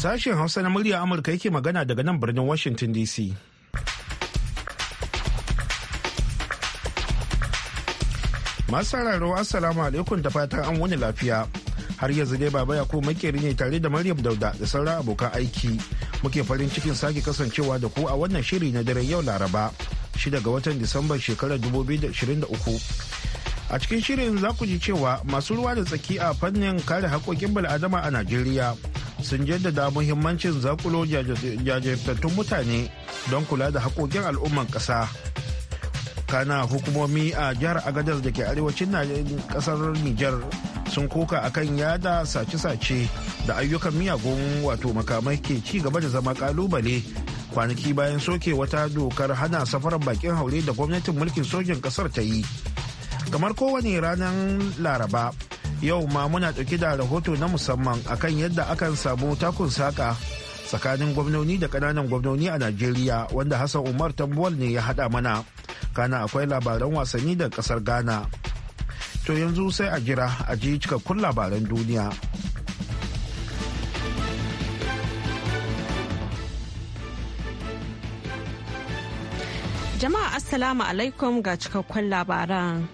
Sashen Hausa na murya Amurka yake magana daga nan birnin Washington DC. Masu sauraro Assalamu alaikum da fatan an wani lafiya. har yanzu dai baba ya makeri ne tare da maryam dauda da sauran abokan aiki muke farin cikin sake kasancewa da ku a wannan shiri na daren yau laraba shi daga watan disamba shekarar 2023 a cikin shirin za ku ji cewa masu ruwa da tsaki a fannin kare haƙoƙin bal'adama a najeriya sun jaddada muhimmancin zakulo jajirtattun mutane don kula da haƙoƙin al'umman ƙasa kana hukumomi a jihar agadas da ke arewacin kasar niger sun koka akan yada sace-sace da ayyukan miyagun wato makamai ke ci gaba da zama kalubale kwanaki bayan soke wata dokar hana safarar bakin haure da gwamnatin mulkin sojin kasar ta yi kamar kowane ranar laraba yau ma muna ɗauki da rahoto na musamman akan yadda akan samu takun saka tsakanin gwamnoni da ƙananan gwamnoni a najeriya wanda hassan umar tambuwal ne ya haɗa mana kana akwai labaran wasanni da ƙasar ghana To yanzu sai a jira a ji cikakkun labaran duniya. Jama'a Assalamu alaikum ga cikakkun labaran.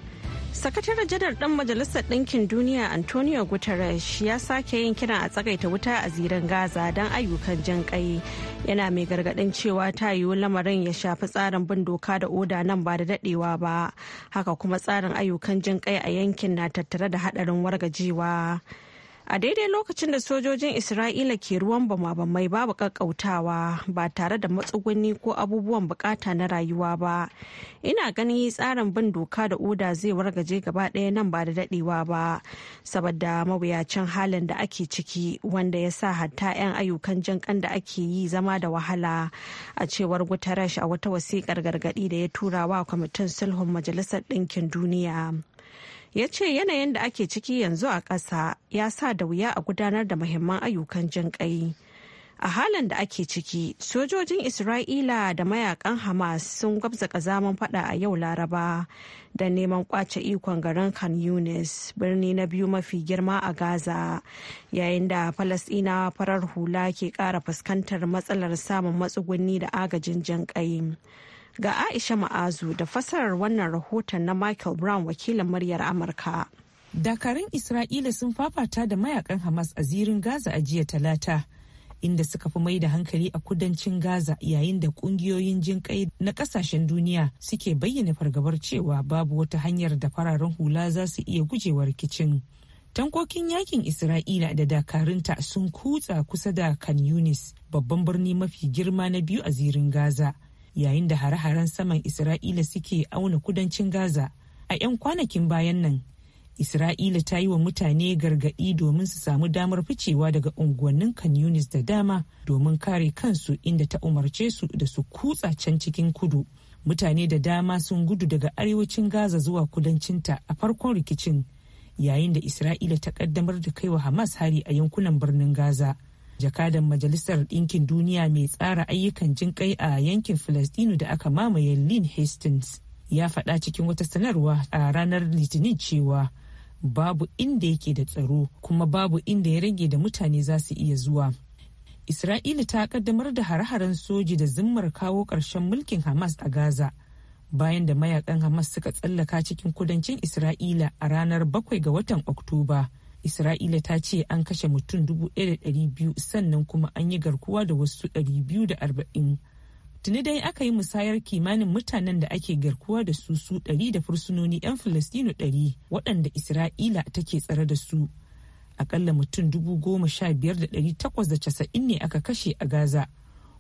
sakataren janar dan majalisar ɗinkin duniya antonio guterres ya sake yin kiran a tsagaita wuta a ziran gaza don ayyukan jan kai yana mai gargaɗin cewa ta yiwu lamarin ya shafi tsarin bin doka da oda nan ba da daɗewa ba haka kuma tsarin ayyukan jan kai a yankin na tattare da haɗarin wargajewa a daidai lokacin da sojojin isra'ila ke ruwan bama-bamai babu kakkautawa ba tare da matsuguni ko abubuwan bukata na rayuwa ba ina ganin tsarin bin doka da oda zai wargaje gaba ɗaya nan ba da daɗewa ba saboda mawuyacin halin da ake ciki wanda ya sa hatta 'yan ayyukan jinkan da ake yi zama da wahala a cewar guterres a wata wasikar gargaɗi da ya tura wa kwamitin sulhun majalisar ɗinkin duniya. ya ce yanayin da ake ciki yanzu a ƙasa ya sa da wuya a gudanar da muhimman ayyukan jinƙai. a halin da ake ciki sojojin isra'ila da mayakan hamas sun gwabza kazaman fada a yau laraba da neman kwace ikon garin khan yunis birni na biyu mafi girma a gaza yayin da falasina farar hula ke ƙara fuskantar matsalar samun matsugunni da agajin jan Ga Aisha Ma'azu da fasarar wannan rahoton na Michael Brown wakilin muryar Amurka. Dakarun Isra'ila sun fafata da mayakan Hamas a zirin Gaza a jiya talata. inda suka fi mai da hankali a kudancin Gaza yayin da kungiyoyin jin kai na kasashen duniya suke bayyana fargabar cewa babu wata hanyar da fararen hula za su iya gujewa rikicin. Tankokin yakin Isra'ila da dakarunta sun kutsa kusa da Kan Yunis, babban birni mafi girma na biyu a zirin Gaza, yayin da hare-haren saman isra'ila suke auna kudancin gaza a 'yan kwanakin bayan nan isra'ila ta yi wa mutane gargaɗi domin su samu damar ficewa daga unguwannin kanyunis da dama domin kare kansu inda ta umarce su da su kutsa can cikin kudu mutane da dama sun gudu daga arewacin gaza zuwa kudancinta a farkon rikicin yayin da isra'ila ta kaddamar da kaiwa hamas hari a yankunan birnin gaza jakadan majalisar ɗinkin duniya mai tsara ayyukan jinƙai a yankin filistinu da aka mamaye Lynn Hastings ya faɗa cikin wata sanarwa a ranar Litinin cewa babu inda yake da tsaro kuma babu inda ya rage da mutane za su iya zuwa. Isra'ila ta kaddamar da hare-haren soji da zimmar kawo ƙarshen mulkin Hamas a Gaza. bayan da mayakan Hamas suka tsallaka cikin kudancin Isra'ila a ranar bakwai ga watan Oktoba isra'ila ta ce an kashe mutum dubu da biyu sannan kuma an yi garkuwa da wasu biyu da arba'in tuni dai aka yi musayar kimanin mutanen da ake garkuwa da su su 100 da fursunoni 'yan filistinu 100 waɗanda isra'ila take tsare da su akalla mutum dubu goma sha biyar da da takwas casa'in ne aka kashe a gaza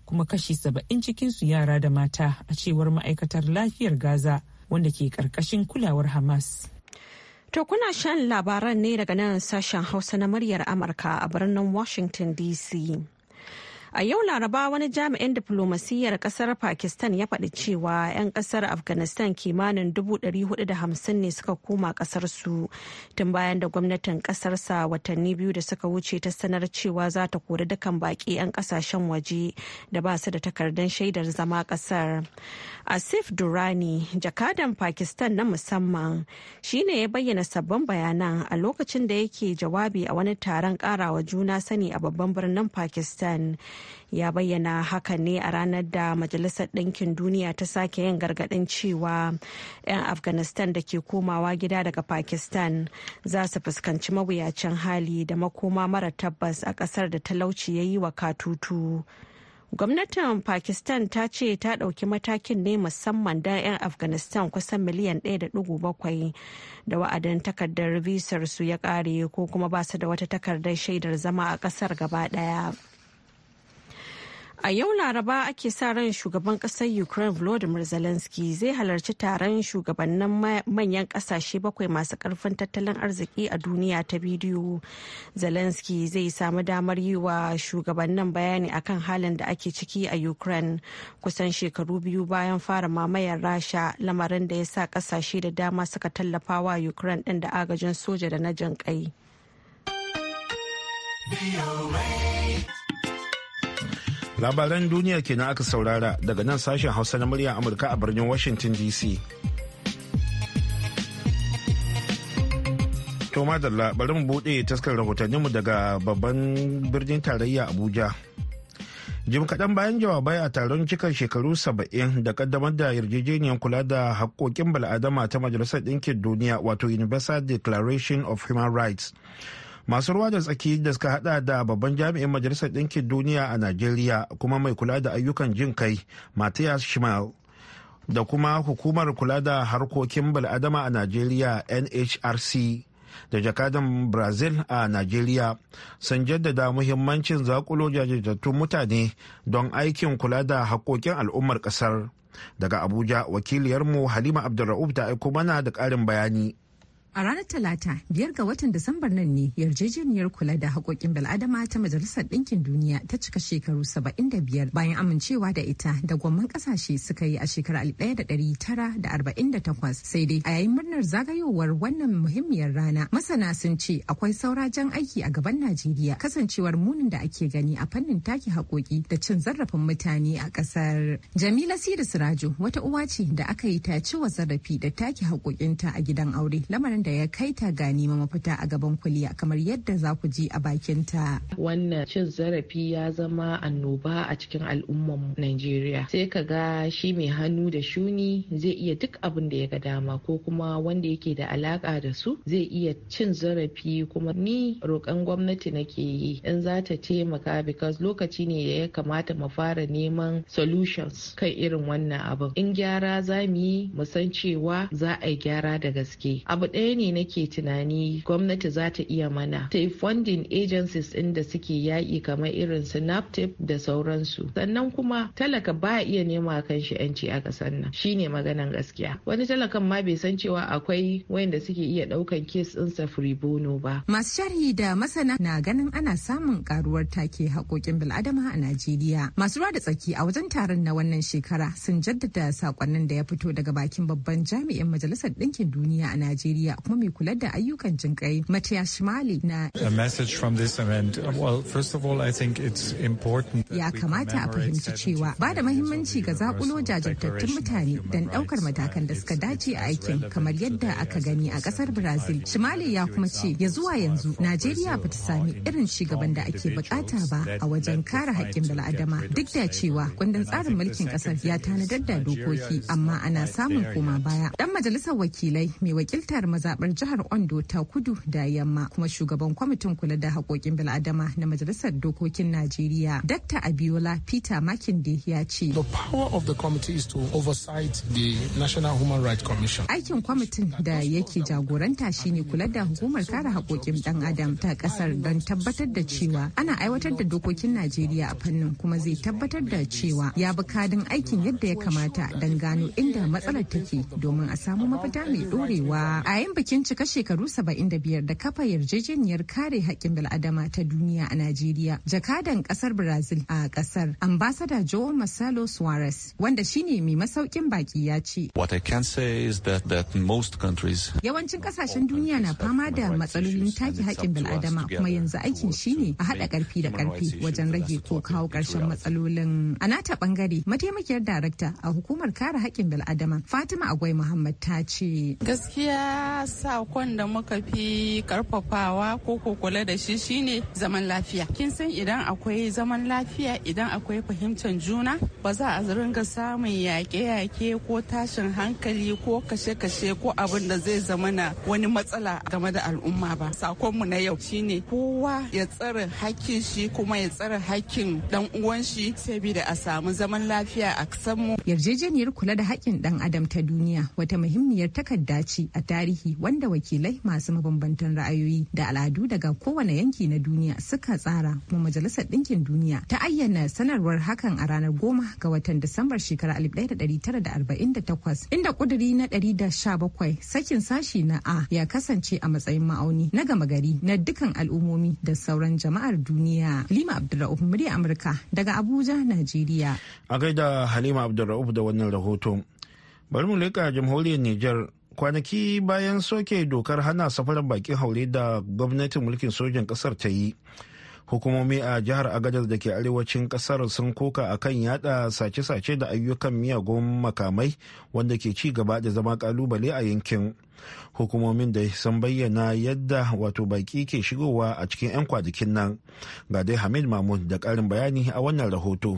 kuma kashi 70 su yara da mata a cewar ma'aikatar lafiyar gaza wanda ke ƙarƙashin kulawar hamas To kuna shan labaran ne daga nan sashen Hausa na muryar Amurka a birnin Washington DC. A yau Laraba wani jami'in diflomasiyyar kasar Pakistan ya faɗi cewa 'yan kasar Afghanistan kimanin 450 ne suka koma kasarsu tun bayan da gwamnatin kasarsa watanni biyu da suka wuce ta sanar cewa za ta kori dukan baƙi 'yan kasashen waje da ba su da takardun shaidar zama kasar. Asif Durani, jakadan Pakistan na musamman, shi ne ya bayyana sabbin bayanan a lokacin da yake jawabi a wani taron ƙarawa juna sani a babban birnin Pakistan. ya bayyana haka ne a ranar da majalisar ɗinkin duniya ta sake yin gargaɗin cewa 'yan afghanistan da ke komawa gida daga pakistan za su fuskanci mawuyacin hali da makoma mara tabbas a ƙasar da talauci ya yi wa katutu gwamnatin pakistan ta ce ta ɗauki matakin ne musamman don 'yan afghanistan kusan miliyan 1.7 da wa'adin takardar visar su ya ƙare ko kuma ba su da wata takardar shaidar zama a ƙasar gaba ɗaya. A yau Laraba ake sa ran shugaban kasar Ukraine Volodymyr Zelensky zai halarci taron shugabannin manyan kasashe bakwai masu karfin tattalin arziki a duniya ta bidiyo. Zelensky zai samu damar yi wa shugabannin bayani akan halin da ake ciki a Ukraine kusan shekaru biyu bayan fara mamayar Rasha lamarin da ya sa kasashe da dama suka tallafa wa Ukraine ɗin da agajin soja da na jinƙai. labaran duniya kenan aka saurara daga nan sashen hausa na muryar amurka a birnin washington dc to madalla bari mu bude taskar rahotanninmu daga babban birnin tarayya abuja jim kaɗan bayan jawabai a taron cikar shekaru saba'in da kaddamar da yarjejeniyar kula da haƙƙoƙin bal'adama ta majalisar ɗinkin duniya wato universal declaration of human rights masu ruwa da tsaki da suka hada da babban jami'in majalisar ɗinkin duniya a najeriya kuma mai kula da ayyukan jin kai matthias schmal da kuma hukumar kula da harkokin bal'adama a najeriya nhrc da jakadan brazil a najeriya sun jaddada muhimmancin zakulo jajirtattun mutane don aikin kula da haƙoƙin al'ummar ƙasar daga abuja wakiliyarmu halima abdulra'uf ta aiko mana da ƙarin bayani A ranar Talata, biyar ga watan Disambar nan ne yarjejeniyar kula da haƙoƙin bil'adama ta Majalisar Ɗinkin Duniya ta cika shekaru 75 bayan amincewa da ita da gwamman ƙasashe suka yi a shekarar 1948 sai dai a yayin murnar zagayowar wannan muhimmiyar rana masana sun ce akwai saura aiki a gaban Najeriya kasancewar munin da ake gani a fannin take haƙoƙi da cin zarafin mutane a ƙasar. Jamila Siri Sirajo wata uwa ce da aka yi ta wa zarafi da take haƙoƙinta a gidan aure lamarin da ya kai ta ga nima mafita a gaban kuliya kamar yadda za ku ji a bakin ta Wannan cin zarafi ya zama annoba a cikin al'umman Najeriya. Sai ka ga shi mai hannu da shuni zai iya duk abin da ya ga dama ko kuma wanda yake da alaka da su zai iya cin zarafi kuma ni roƙon gwamnati nake yi in za ta taimaka because lokaci ne da ya kamata mu fara neman solutions kan irin wannan abin. In gyara za mu yi mu san cewa za a yi gyara da gaske. Abu ɗaya ɗaya ne nake tunani gwamnati za ta iya mana ta yi funding agencies ɗin da suke yaƙi kamar irin su da sauransu sannan kuma talaka ba iya nema kan shi yanci a ƙasar nan Shi ne maganan gaskiya wani talakan ma bai san cewa akwai wayanda suke iya ɗaukan kes ɗin sa bono ba masu sharhi da masana na ganin ana samun karuwar take haƙoƙin bil'adama a najeriya masu ruwa da tsaki a wajen taron na wannan shekara sun jaddada saƙonnin da ya fito daga bakin babban jami'in majalisar ɗinkin duniya a najeriya kuma mai kula da ayyukan jinkai Matiya Shimali na A message from this event well first of all I think it's important Ya kamata a fahimci cewa ba da mahimmanci ga zakulo jajirtattun mutane don daukar matakan da suka dace a aikin kamar yadda aka gani a kasar Brazil Shimali ya kuma ce ya zuwa yanzu Najeriya ba ta sami irin shugaban da ake bukata ba a wajen kare haƙƙin bala'adama. duk da cewa kundin tsarin mulkin kasar ya tanadar da dokoki amma ana samun koma baya dan majalisar wakilai mai wakiltar maza Zaɓar jihar Ondo ta kudu da yamma kuma shugaban kwamitin kula da haƙoƙin bil'adama na majalisar dokokin Najeriya. Dr. Abiola Peter Makinde ya ce. The power of the committee is to oversight the National Human Rights Commission. Aikin kwamitin da yake jagoranta shine kula da hukumar kare haƙoƙin ɗan adam ta ƙasar don tabbatar da cewa ana aiwatar da dokokin Najeriya a fannin kuma zai tabbatar da cewa ya bi kadin aikin yadda ya kamata don gano inda matsalar take domin a samu mafita mai ɗorewa. A yin bikin cika shekaru 75 da kafa yarjejeniyar kare haƙƙin bil'adama ta duniya a Najeriya, jakadan ƙasar Brazil a ƙasar ambasada João Marcelo Suarez, wanda shine mai masaukin baki ya ce. What I can say is that, that most countries Yawancin ƙasashen duniya na fama da matsalolin take haƙƙin bil'adama kuma yanzu aikin shine a haɗa ƙarfi da ƙarfi wajen rage ko kawo ƙarshen matsalolin. A nata ɓangare, mataimakiyar darakta a hukumar kare haƙƙin bil'adama Fatima Agwai Muhammad ta ce. Gaskiya sakon da muka fi karfafawa ko kula da shi shine zaman lafiya kin san idan akwai zaman lafiya idan akwai fahimtar juna ba za a ringa samun yaƙe-yaƙe ko tashin hankali ko kashe-kashe ko abin da zai zama na wani matsala game da al'umma ba sakonmu na yau shine kowa ya tsare hakkin shi kuma ya tsare hakkin dan uwan shi saboda a samu zaman lafiya a kasanmu yarjejeniyar kula da haƙƙin dan adam ta duniya wata muhimmiyar takarda ce a tarihi wanda wakilai masu mabambantan ra'ayoyi da al'adu daga kowane yanki na duniya suka tsara kuma majalisar ɗinkin duniya ta ayyana sanarwar hakan a ranar goma ga watan disambar shekara da da 1948 inda kuduri na ɗari da sha bakwai sakin sashi na a ya kasance a matsayin ma'auni na gama gari na dukkan al'ummomi da sauran jama'ar duniya halima abdulra'uf murya amurka daga abuja najeriya a gaida halima abdulra'uf da wannan rahoton, bari mu leka jamhuriyar niger kwanaki bayan soke dokar hana safarar bakin haure da gwamnatin mulkin sojin kasar ta yi hukumomi a jihar agadez da ke arewacin kasar sun koka kan yada sace-sace da ayyukan miyagun makamai wanda ke ci gaba da zama kalubale a yankin hukumomin da sun bayyana yadda wato baki ke shigowa a cikin 'yan kwanakin nan ga dai hamid mahmud da karin bayani a wannan rahoto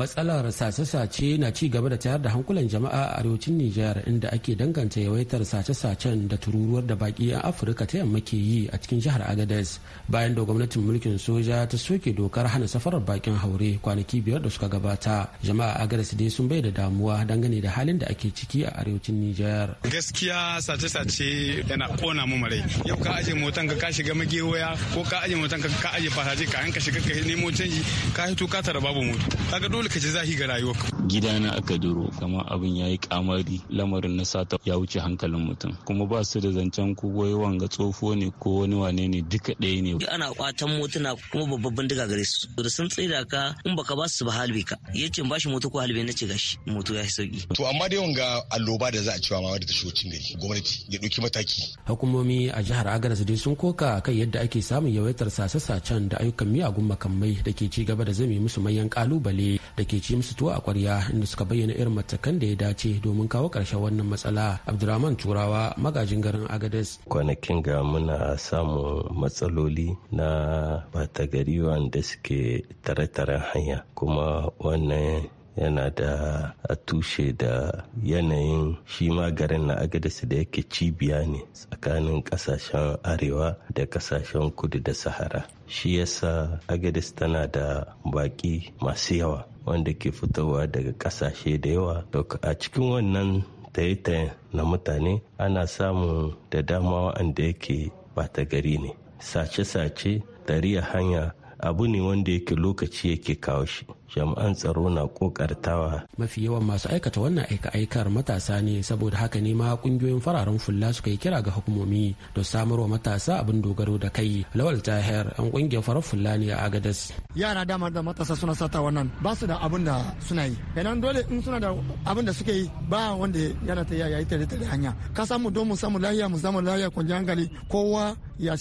matsalar sace-sace na ci gaba da tayar da hankulan jama'a a arewacin nijar inda ake danganta yawaitar sace-sacen da tururuwar da baki yan afirka ta yamma ke yi a cikin jihar agadez bayan da gwamnatin mulkin soja ta soke dokar hana safarar bakin haure kwanaki biyar da suka gabata jama'a agadez dai sun bai da damuwa dangane da halin da ake ciki a arewacin nijar gaskiya sace-sace yana kona mu marai yau ka aje motan ka shiga magewaya ko ka aje motan ka aje fasaje ka yanka shiga ka nemo canji ka hito ka tara babu mutu kaga dole ka ji zahi ga rayuwarka gidana aka duro kama abin ya yi kamari lamarin na sata ya wuce hankalin mutum kuma ba su da zancen ko wai wanga tsofo ne ko wani wane ne duka ɗaya ne ana kwatan motuna kuma babban diga gare su da sun tsira ka in baka ba su ba halbe ka ya ce ba shi moto ko halbe na ce gashi moto ya sauki to amma dai wanga alloba da za a cewa ma da tashocin gari gwamnati ya ɗauki mataki hukumomi a jihar su dai sun koka kan yadda ake samun yawaitar sace-sacen da ayyukan miyagun makamai da ke ci gaba da zame musu manyan kalubale da ke ci musu tuwo a kwarya inda suka bayyana irin matakan da ya dace domin kawo ƙarshen wannan matsala abdurrahman turawa magajin garin agades kwanakin ga muna samun matsaloli na bata gari wanda suke tare-taren hanya kuma wannan yana da a tushe da yanayin shi ma garin na agadis da yake cibiya ne tsakanin kasashen arewa da kasashen kudu da sahara shi yasa agadis tana da baƙi masu yawa wanda ke fitowa daga kasashe da yawa a cikin wannan taitayen na mutane ana samun da dama wa'anda yake bata gari ne sace-sace tariya hanya abu ne wanda yake lokaci yake kawo shi jami'an tsaro na kokartawa. Mafi yawan masu aikata wannan aika-aikar matasa ne saboda haka ne ma kungiyoyin fararen fulla suka yi kira ga hukumomi don samarwa matasa abin dogaro da kai. Lawal Tahir an kungiyar farar fulla ne a Agadas. Yara dama da matasa suna sata wannan ba su da abin da suna yi. Kenan dole in suna da abin da suke yi ba wanda yana ta yaya ita da hanya. Ka samu don mu samu lahiya mu samu lahiya kwanciyar gari kowa ya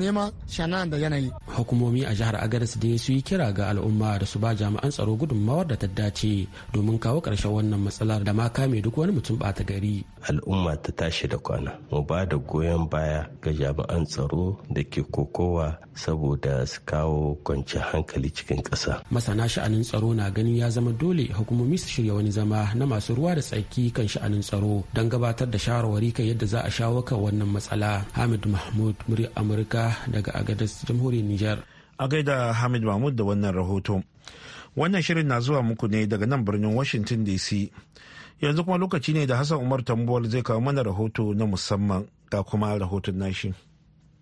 nema shana da yanayi. Hukumomi a jihar Agadas dai su yi kira ga al'umma da su ba jami'an tsaro gudunmawar da ta dace domin kawo karshen wannan matsalar da ma kame duk wani mutum ɓata gari. Al'umma ta tashi da kwana, mu ba da goyon baya ga jami'an tsaro da ke kokowa saboda su kawo kwanci hankali cikin ƙasa. Masana sha'anin tsaro na ganin ya zama dole hukumomi su shirya wani zama na masu ruwa da tsaki kan sha'anin tsaro don gabatar da shawarwari kan yadda za a shawo kan wannan matsala. Hamid Mahmud, murya Amurka daga Agadez, Jamhuriyar Nijar. A gaida Hamid Mahmud da wannan rahoto. Wannan shirin na zuwa muku ne daga nan birnin Washington DC. Yanzu kuma lokaci ne da Hassan Umar Tambuwal zai kawo mana rahoto na musamman ga kuma rahoton nashi.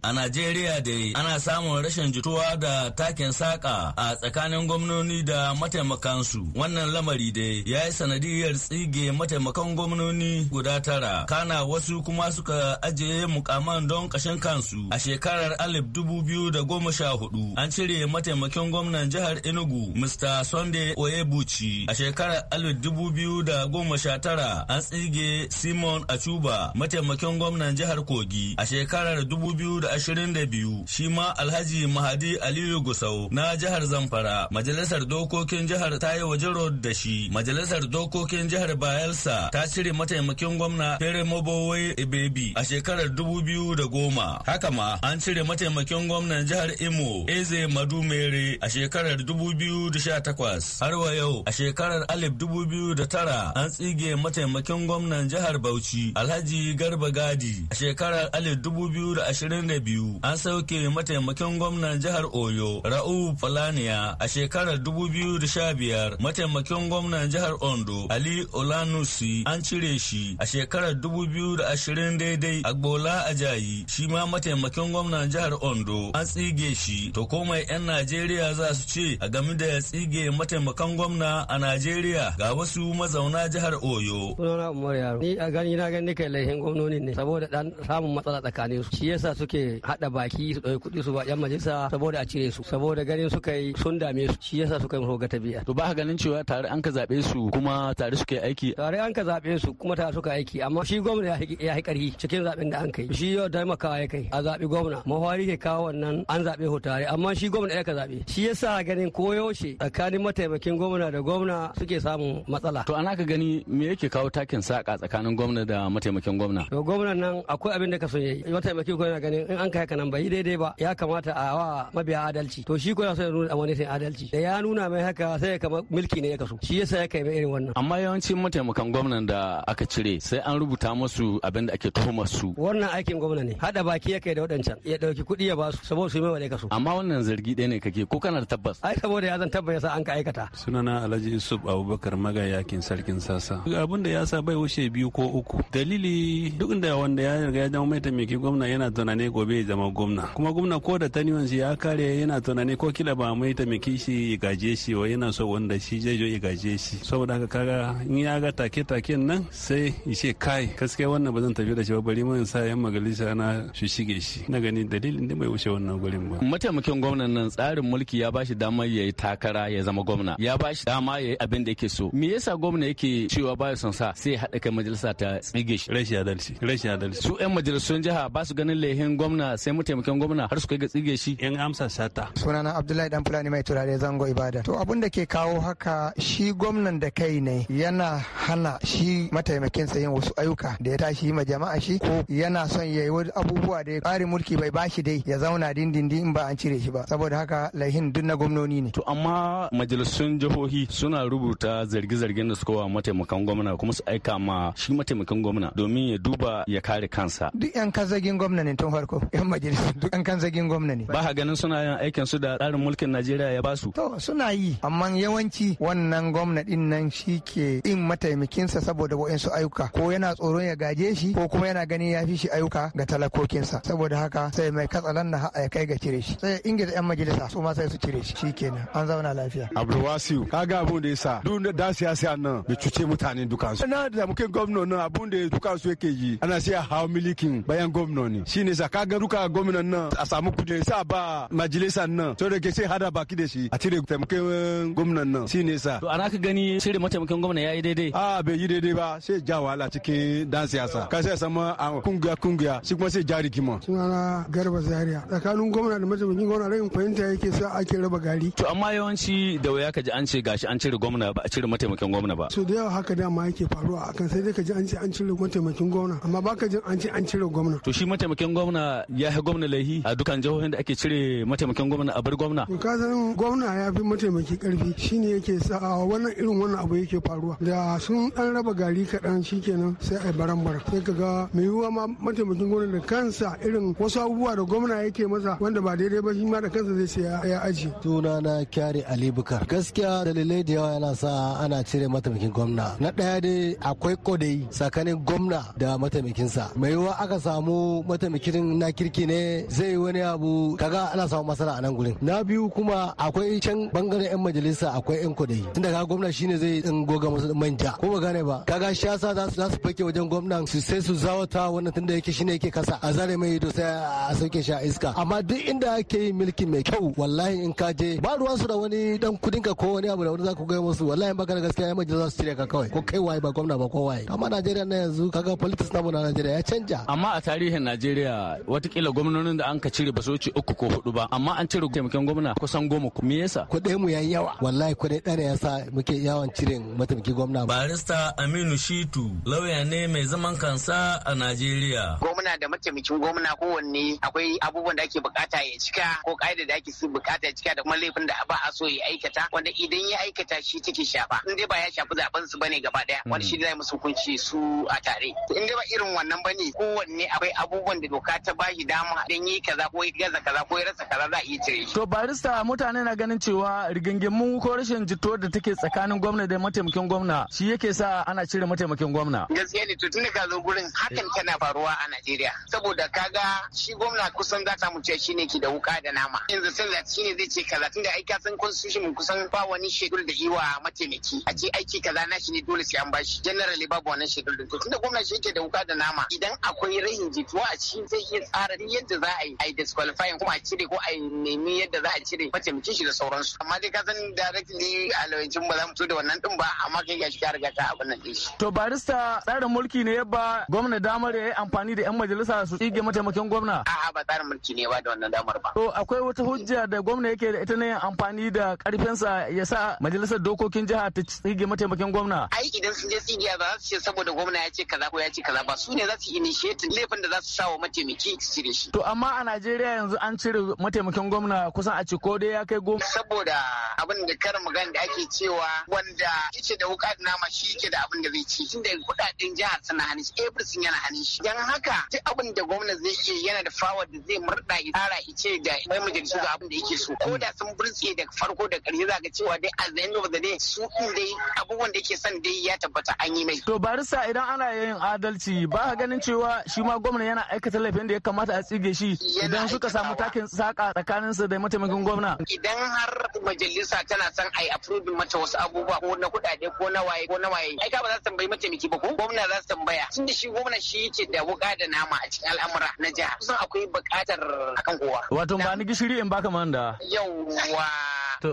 A Najeriya dai ana samun rashin jituwa da takin saƙa a tsakanin gwamnoni da mataimakansu. Wannan lamari dai ya yi sanadiyar tsige mataimakan gwamnoni guda tara. Kana wasu kuma suka ajiye mukaman don ƙashin kansu. A shekarar alif dubu biyu da goma sha hudu an cire mataimakin gwamnan jihar Enugu Mr. Sunday Oyebuchi. A shekarar alif dubu biyu da goma sha tara an tsige Simon Achuba mataimakin gwamnan jihar Kogi. A shekarar dubu biyu da 2022 shi ma Alhaji Mahadi Aliyu Gusau na jihar Zamfara majalisar dokokin jihar ta yi wajen road da shi majalisar dokokin jihar Bayelsa ta cire mataimakin gwamna Fere mabowai Ibebi a shekarar 2010 haka ma an cire mataimakin gwamnan jihar Imo Eze mere a shekarar 2018 har wa yau a shekarar 2009 an tsige mataimakin gwamnan jihar Bauchi Alhaji Garba Gadi a shekarar 2022 biyu an sauke mataimakin gwamnan jihar oyo ra'u falaniya a shekarar dubu biyu da sha biyar mataimakin gwamnan jihar ondo ali olanusi an cire shi a shekarar dubu biyu da ashirin daidai agbola ajayi shi ma mataimakin gwamnan jihar ondo an tsige shi to komai 'yan najeriya za su ce a game da ya tsige mataimakan gwamna a najeriya ga wasu mazauna jihar oyo sunana umar yaro ni a gani na gani kai laifin gwamnoni ne saboda dan samun matsala tsakanin su shi yasa suke suke haɗa baki su ɗauki kuɗi su ba 'yan majalisa saboda a cire su saboda ganin suka yi sun dame su shi yasa suka yi musu tabi'a. To ba ganin cewa tare an ka zaɓe su kuma tare suka yi aiki. Tare an ka zaɓe su kuma tare suka aiki amma shi gwamna ya yi ƙarfi cikin zaɓen da an kai. Shi yau taimakawa ya kai a zaɓi gwamna mahwari ke kawo wannan an zaɓe ho tare amma shi gwamna ya ka zaɓe. Shi yasa ganin koyaushe tsakanin mataimakin gwamna da gwamna suke samun matsala. To ana ka gani me yake kawo takin saƙa tsakanin gwamna da mataimakin gwamna. To gwamnan nan akwai abin da ka so yayi mataimakin gwamna ganin in an kai kanan bai daidai ba ya kamata a wa mabiya adalci to shi ko ya so ya nuna amanatin adalci da ya nuna mai haka sai ya kama mulki ne ya kaso shi yasa ya kai mai irin wannan amma yawancin mataimakan gwamnan da aka cire sai an rubuta musu abin da ake tuhuma su wannan aikin gwamna ne hada baki ya kai da wadancan ya dauki kuɗi ya ba su saboda su yi mai kaso amma wannan zargi ɗaya ne kake ko kana da tabbas ai saboda ya zan tabbaya sa an ka aikata sunana Alhaji Yusuf Abubakar magayakin sarkin sasa abin da ya sa bai wuce biyu ko uku dalili duk inda wanda ya riga ya dawo mai taimaki gwamna yana tunane ko gobe ya zama gwamna kuma gwamna ko da taniwan shi ya kare yana tunani ko kila ba mai taimaki shi ya gaje shi wa yana so wanda shi zai zo ya gaje shi saboda haka kaga in ya ga take taken nan sai ya ce kai gaskiya wannan ba zan tafi da shi ba bari mun sa yan majalisa na su shige shi na gani dalilin da mai wuce wannan gurin ba mataimakin gwamnan nan tsarin mulki ya bashi damar yayi takara ya zama gwamna ya bashi dama yayi abin da yake so me yasa gwamna yake cewa ya son sa sai ya haɗa kai majalisa ta tsige shi rashin adalci rashin adalci su yan majalisun jiha ba su ganin lehin gwamna gwamna sai mataimakin gwamna har su kai ga tsige shi yan amsa sata sunana abdullahi dan fulani mai turare zango ibada to abin da ke kawo haka shi gwamnan da kai ne yana hana shi mataimakin sa yin wasu ayyuka da ya tashi ma jama'a shi ko yana son yayi wasu abubuwa da kare mulki bai bashi dai ya zauna dindindin in ba an cire shi ba saboda haka laihin duk na gwamnoni ne to amma majalisun jihohi suna rubuta zargi zargin da suka wa mataimakan gwamna kuma su aika ma shi mataimakin gwamna domin ya duba ya kare kansa duk yan kazagin gwamna ne tun farko yan majalisun duk an zagin gwamna ne. Ba ha ganin suna yin aikin su da tsarin mulkin Najeriya ya basu. To suna yi amma yawanci wannan gwamna din nan shi ke in mataimakinsa saboda wa'insu ayyuka ko yana tsoron ya gaje shi ko kuma yana ganin ya fi shi ayyuka ga talakokinsa saboda haka sai mai katsalan na ya kai ga cire shi sai ingiza yan majalisa su ma sai su cire shi shikenan an zauna lafiya. Abdulwasiu kaga abun da yasa duk da siyasa nan bi cuce mutane dukansu. Na da mukin gwamna nan abun da dukansu yake yi ana siya a hawa milikin bayan gwamna ne shine sa ga duka gwamnan nan a samu kudi sa ba majalisan nan to da ke sai hada baki da shi a cire taimakon gwamnan nan shi ne sa to ana ka gani shirin mataimakin gwamna ya yi daidai a bai yi daidai ba sai ja wahala cikin dan siyasa ka sai sama a kungiya kungiya shi kuma sai ja rigima sunana garba zaria tsakanin gwamna da mataimakin gwamna rayin fahimta yake sa ake raba gari to amma yawanci da waya ka ji an ce gashi an cire gwamna ba a cire mataimakin gwamna ba so da yawa haka dama yake faruwa akan sai dai ka ji an ce an cire mataimakin gwamna amma ba ka ji an ce an cire gwamna to shi mataimakin gwamna ya yi gwamna laihi a dukkan jihohin da ake cire mataimakin gwamna a bar gwamna. ka san gwamna ya fi mataimaki karfi shine yake sa wannan irin wannan abu yake faruwa da sun dan raba gari kaɗan shikenan sai a baran bara sai ka ga mai yiwuwa ma mataimakin gwamna da kansa irin wasu abubuwa da gwamna yake masa wanda ba daidai ba shi ma da kansa zai sai ya aji. Tuna na kyari ali bukar gaskiya dalilai da yawa yana sa ana cire mataimakin gwamna na ɗaya dai akwai kodai tsakanin gwamna da mataimakinsa mai yiwuwa aka samu mataimakin na kirki ne zai wani abu kaga ana samu masara a nan gurin na biyu kuma akwai can bangaren yan majalisa akwai yan kudayi tunda kaga gwamna shine zai in goga musu manja ko ba gane ba kaga shi yasa za su fake wajen gwamna su sai su zawata wannan tunda yake shine yake kasa a zare mai ido sai a sauke shi a iska amma duk inda ake yi milki mai kyau wallahi in ka je ba ruwan su da wani dan kudin ka ko wani abu da wani za ku ga musu wallahi in baka da gaskiya yan majalisa su cire ka kawai ko kai waye ba gwamna ba ko waye amma Najeriya na yanzu kaga politics na mu na Najeriya ya canja amma a tarihin Najeriya watakila gwamnonin da an ka cire ba su wuce uku ko hudu ba amma an cire taimakon gwamna kusan goma me yasa kuɗin mu yayi yawa wallahi kuɗin ɗare yasa muke yawan cire mataimakin gwamna barista Aminu Shitu lauya ne mai zaman kansa a Najeriya gwamna da mataimakin gwamna kowanne akwai abubuwan da ake bukata ya cika ko ka'ida da ake su bukata ya cika da kuma laifin da ba a so ya aikata wanda idan ya aikata shi take shafa in dai ba ya shafi zaben su bane gaba daya wani shi zai musu hukunci su a tare in dai ba irin wannan bane kowanne akwai abubuwan da doka ta ba bashi dama don yi kaza ko gaza kaza ko rasa kaza za a iya cire shi. To barista mutane na ganin cewa rigingimu ko rashin jito da take tsakanin gwamna da mataimakin gwamna shi yake sa ana cire mataimakin gwamna. Gaskiya ne to tun da ka zo gurin hakan tana faruwa a Najeriya saboda kaga shi gwamna kusan za ta mutu shi ne ke da wuka da nama. Yanzu sun shi ne zai ce kaza a ai ka san constitution kusan ba wani shedul da yi wa mataimaki a ce aiki kaza na shi ne dole sai an bashi generally babu wannan shedul din to da gwamna shi yake da wuka da nama idan akwai rahin jituwa a cikin zai iya tsara yadda za a yi a disqualifying kuma a cire ko a nemi yadda za a cire mataimakin kishi da sauransu amma dai ka san a lawancin ba za mu da wannan din ba amma kai ga shi ka riga ka abin nan din shi to barista tsarin mulki ne ba gwamna damar ya yi amfani da yan majalisa su tsige mataimakin gwamna a'a ba tsarin mulki ne ba da wannan damar ba to akwai wata hujja da gwamna yake da ita ne amfani da karfinsa ya sa majalisar dokokin jiha ta tsige mataimakin gwamna ai idan sun je tsigiya za su ce saboda gwamna ya ce kaza ko ya ce kaza ba su ne za su initiate laifin da za su sa wa mataimaki rikici shi. To amma a Najeriya yanzu an cire mataimakin gwamna kusan a ci ko dai ya kai goma. Saboda abin da karin magana da ake cewa wanda yake da wuka da nama shi yake da abin da zai ci tunda kuɗaɗen jihar suna hannun shi everything yana hannun shi. Yan haka duk abin da gwamna zai iya yana da fawa da zai murda ya tsara ice da mai majalisu ga abin da yake so. Ko da sun burtse da farko da ƙarshe za ka cewa dai a zai zayin da dai su in dai abubuwan da yake son dai ya tabbata an yi mai. To barista idan ana yin adalci ba ganin cewa shi ma gwamna yana aikata laifin da ya kamata kamata a tsige shi idan suka samu takin saka tsakanin su da mataimakin gwamna. Idan har majalisa tana son ai approve mata wasu abubuwa ko na kudade ko na waye ko na waye ai ka ba za su tambayi mataimaki ba ko gwamna za su tambaya tunda shi gwamna shi yake da wuka da nama a cikin al'amura na jiha kusan akwai bukatar akan kowa. Wato ba ni gishiri in baka manda. yauwa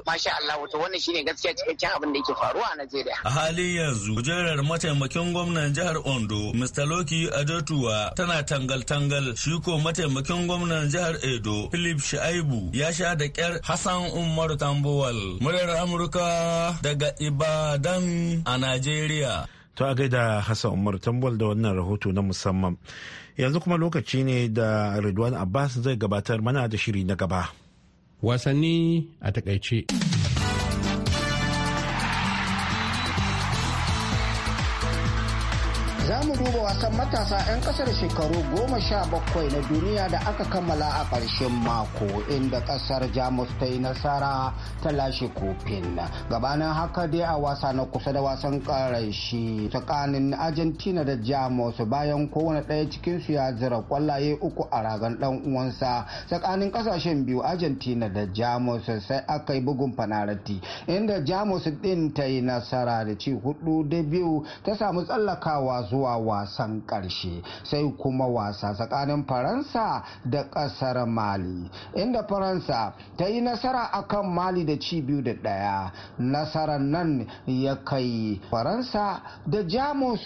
masha Allah wato wannan shine gaskiya cikakken abin da yake faruwa a Najeriya a halin yanzu kujerar mataimakin gwamnan jihar Ondo Mr. Loki Adotuwa tana tangal-tangal shi ko mataimakin gwamnan jihar Edo Philip Shaibu ya sha da kyar Hassan Umaru Tambowal muryar Amurka daga Ibadan a Najeriya To a gaida Hassan Umar tambowal da wannan rahoto na musamman. Yanzu kuma lokaci ne da Ridwan Abbas zai gabatar mana da shiri na gaba. wasanni a takaice. mu duba wasan matasa 'yan kasar shekaru goma sha bakwai na duniya da aka kammala a ƙarshen mako inda kasar Jamus ta yi nasara ta lashe kofin. Gabanin haka dai a wasa na kusa da wasan ƙarashi tsakanin Argentina da Jamus bayan kowane ɗaya cikinsu ya zira kwallaye uku a ragan ɗan uwansa tsakanin ƙasashen biyu Argentina da Jamus sai aka yi bugun fanarati inda Jamus ɗin ta yi nasara da ci hudu da biyu ta samu tsallakawa zuwa wasan ƙarshe sai kuma wasa tsakanin faransa da ƙasar mali inda faransa ta yi nasara akan mali da ci biyu da ɗaya nasarar nan ya kai faransa da jamus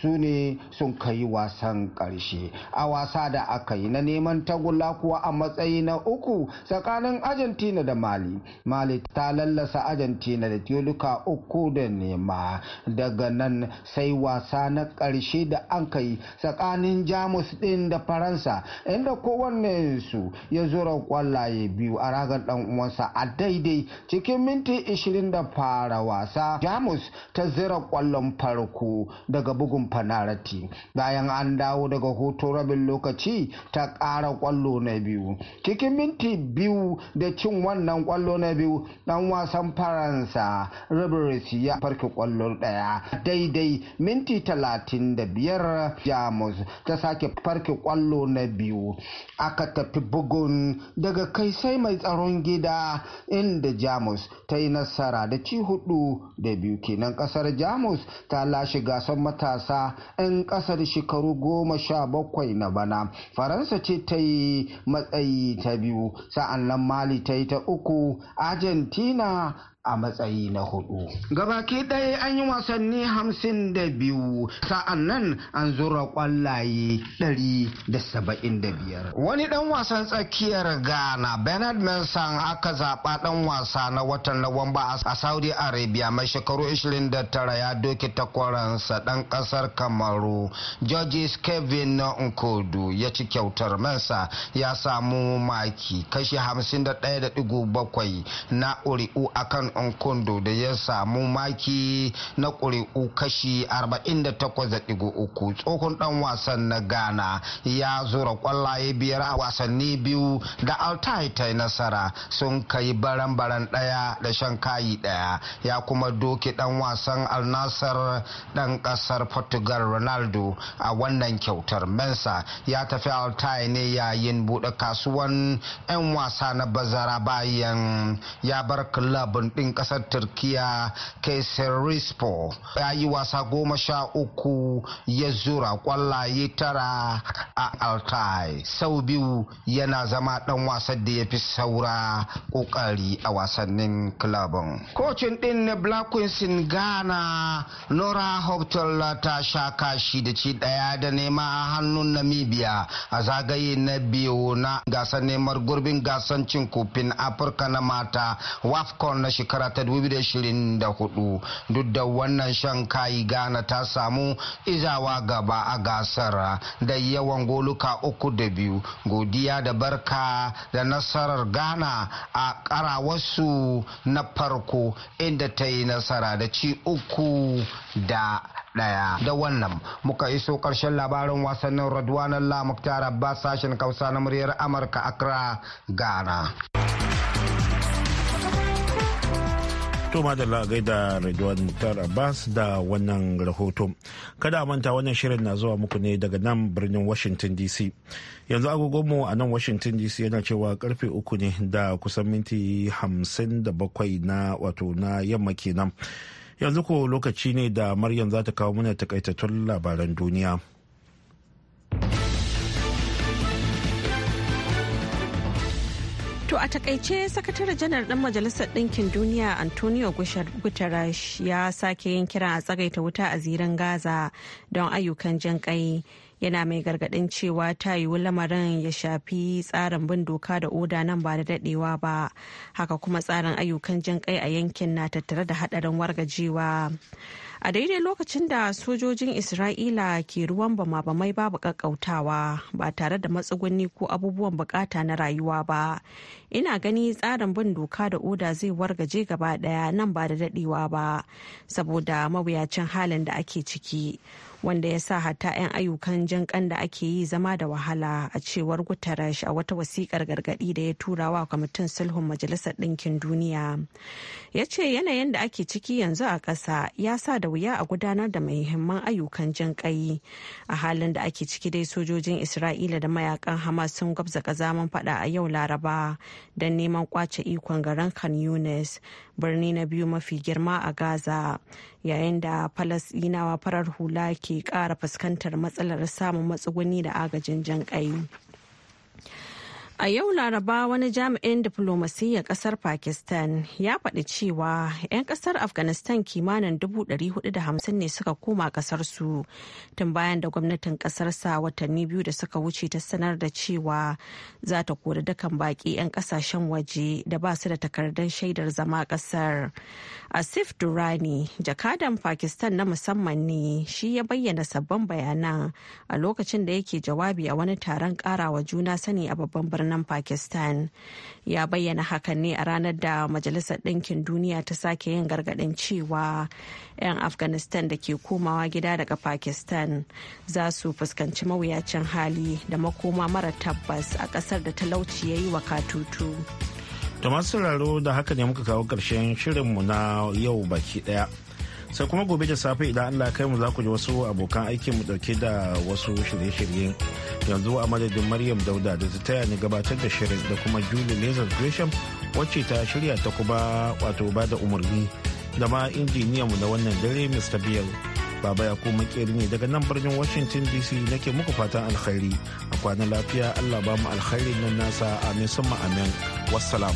su ne sun kai wasan ƙarshe a wasa da aka yi na neman tagulla kuwa a matsayi na uku tsakanin argentina da mali mali ta lallasa argentina da tiyoluka uku da nema daga nan sai wasa na ƙarshe ce da an kai tsakanin jamus ɗin da faransa inda kowanne su ya zura kwallaye biyu a ragar dan uwansa a daidai cikin minti 20 da fara wasa jamus ta zira kwallon farko daga bugun fanarati bayan an dawo daga hoto rabin lokaci ta ƙara kwallo na biyu cikin minti biyu da cin wannan kwallo na biyu dan wasan faransa ribéry ya farki kwallo daya daidai minti 35 biyar jamus ta sake farke kwallo na biyu aka tafi bugun daga kai sai mai tsaron gida inda jamus ta yi nasara da ci hudu da biyu kenan kasar jamus ta lashe gasar matasa 'yan kasar shekaru goma sha bakwai na bana faransa ce ta yi matsayi ta biyu sa'an nan mali ta yi ta uku argentina a matsayi na hudu. Gabaki ɗaya an yi wasanni hamsin da biyu sa'an nan an zura kwallaye ɗari da saba'in da biyar. Wani ɗan wasan tsakiyar Ghana Bernard Mensah aka zaɓa ɗan wasa na watan Nuwamba a Saudi Arabia mai shekaru 29 ya doke takwaransa ɗan ƙasar Kamaru Georges Kevin Nkodu ya ci kyautar Mensah ya samu maki kashi 51.7 na ƙuri'u akan kondo da ya samu maki na ƙuri'u kashi 48.3 tsohon dan wasan na Ghana ya zura kwallaye biyar a wasanni biyu da Altai ta nasara sun kai baran-baran ɗaya da shan kayi ɗaya ya kuma doke dan wasan Alnasar dan ƙasar Portugal Ronaldo a wannan kyautar Mensa ya tafi Altai ne yayin buɗe kasuwan 'yan wasa na bazara bayan ya bar kilabin ɗin sarkin kasar turkiya kaiser rispo ya yi wasa goma sha uku ya zura kwallaye tara a altai sau biyu yana zama dan wasan da ya fi saura kokari a wasannin kilabin. kocin din na black queens ghana nora hotel ta sha kashi da ci daya da nema a hannun namibia a zagaye na biyu na gasar neman gurbin gasar cin kofin afirka na mata wafcon na shi shekara ta 2024 duk da wannan shan kayi gana ta samu izawa gaba a gasar da yawan goluka uku da biyu godiya da barka da nasarar gana a karawarsu na farko inda ta yi nasara da ci uku da daya da wannan muka iso karshen labarin wasannin radwanan lamuktar abbas sashen kausa na muryar amurka accra gana. To madalla gaida Redwan tara Abbas da wannan rahoto. Kada manta wannan shirin na zuwa muku ne daga nan birnin Washington DC. Yanzu agogonmu a nan Washington DC yana cewa karfe uku ne da kusan minti hamsin da bakwai na wato na yamma kenan. Yanzu ko lokaci ne da Maryam za ta kawo mana takaitattun labaran duniya. To a takaice sakatare janar ɗan majalisar ɗinkin duniya Antonio Guterres ya sake yin kira a tsagaita wuta a ziran Gaza don ayyukan jinƙai yana mai gargadin cewa ta yiwu lamarin ya shafi tsarin bin doka da oda nan ba da daɗewa ba haka kuma tsarin ayyukan jin kai a yankin na tattare da haɗarin wargajewa a daidai lokacin da sojojin isra'ila ke ruwan bama-bamai babu kakkautawa ba tare da matsuguni ko abubuwan bukata na rayuwa ba ina gani tsarin bin doka da oda zai wargaje gaba daya nan ba da daɗewa ba saboda mawuyacin halin da ake ciki wanda ya sa hatta 'yan ayyukan jinƙan da ake yi zama da wahala a cewar guterres a wata wasikar gargaɗi da ya tura wa kwamitin sulhun majalisar ɗinkin duniya ya ce yanayin da ake ciki yanzu a ƙasa ya sa da wuya a gudanar da muhimman ayyukan jinƙai a halin da ake ciki dai sojojin isra'ila da mayakan hamas sun gwabza kazaman faɗa a yau laraba don neman kwace ikon garin khan yunis birni na biyu mafi girma a gaza yayin da falasɗinawa farar hula ke ke ƙara fuskantar matsalar samun matsuguni da agajin jan ƙai. A yau Laraba wani jami'in diflomasiyyar kasar Pakistan ya faɗi cewa 'yan kasar Afghanistan kimanin 450 ne suka koma kasar su tun bayan da gwamnatin sa watanni biyu da suka wuce ta sanar da cewa za ta kori dukan baƙi 'yan kasashen waje da ba su da takardar shaidar zama kasar. Asif Durrani, jakadan Pakistan na musamman ne shi ya bayyana sabbin bayanan a lokacin da yake jawabi a wani taron ƙarawa juna sani a babban birnin birnin pakistan ya bayyana hakan ne a ranar da majalisar ɗinkin duniya ta sake yin gargaɗin cewa 'yan afghanistan da ke komawa gida daga pakistan za su fuskanci mawuyacin hali da makoma mara tabbas a ƙasar da talauci ya yi wa katutu da masu sauraro da haka ne muka kawo ƙarshen shirinmu na yau baki ɗaya sai kuma gobe da safe idan allah kai mu za ku ji wasu abokan aikin mu dauke da wasu shirye-shirye yanzu a madadin maryam dauda da ta taya ni gabatar da shirin da kuma julie lezard gresham wacce ta shirya ta kuma wato ba da umarni da ma mu na wannan dare mr biel baba ya kuma makeri ne daga nan birnin washington dc nake muku fatan alkhairi a kwanan lafiya allah ba mu alkhairi nan nasa amin sun amin wassalam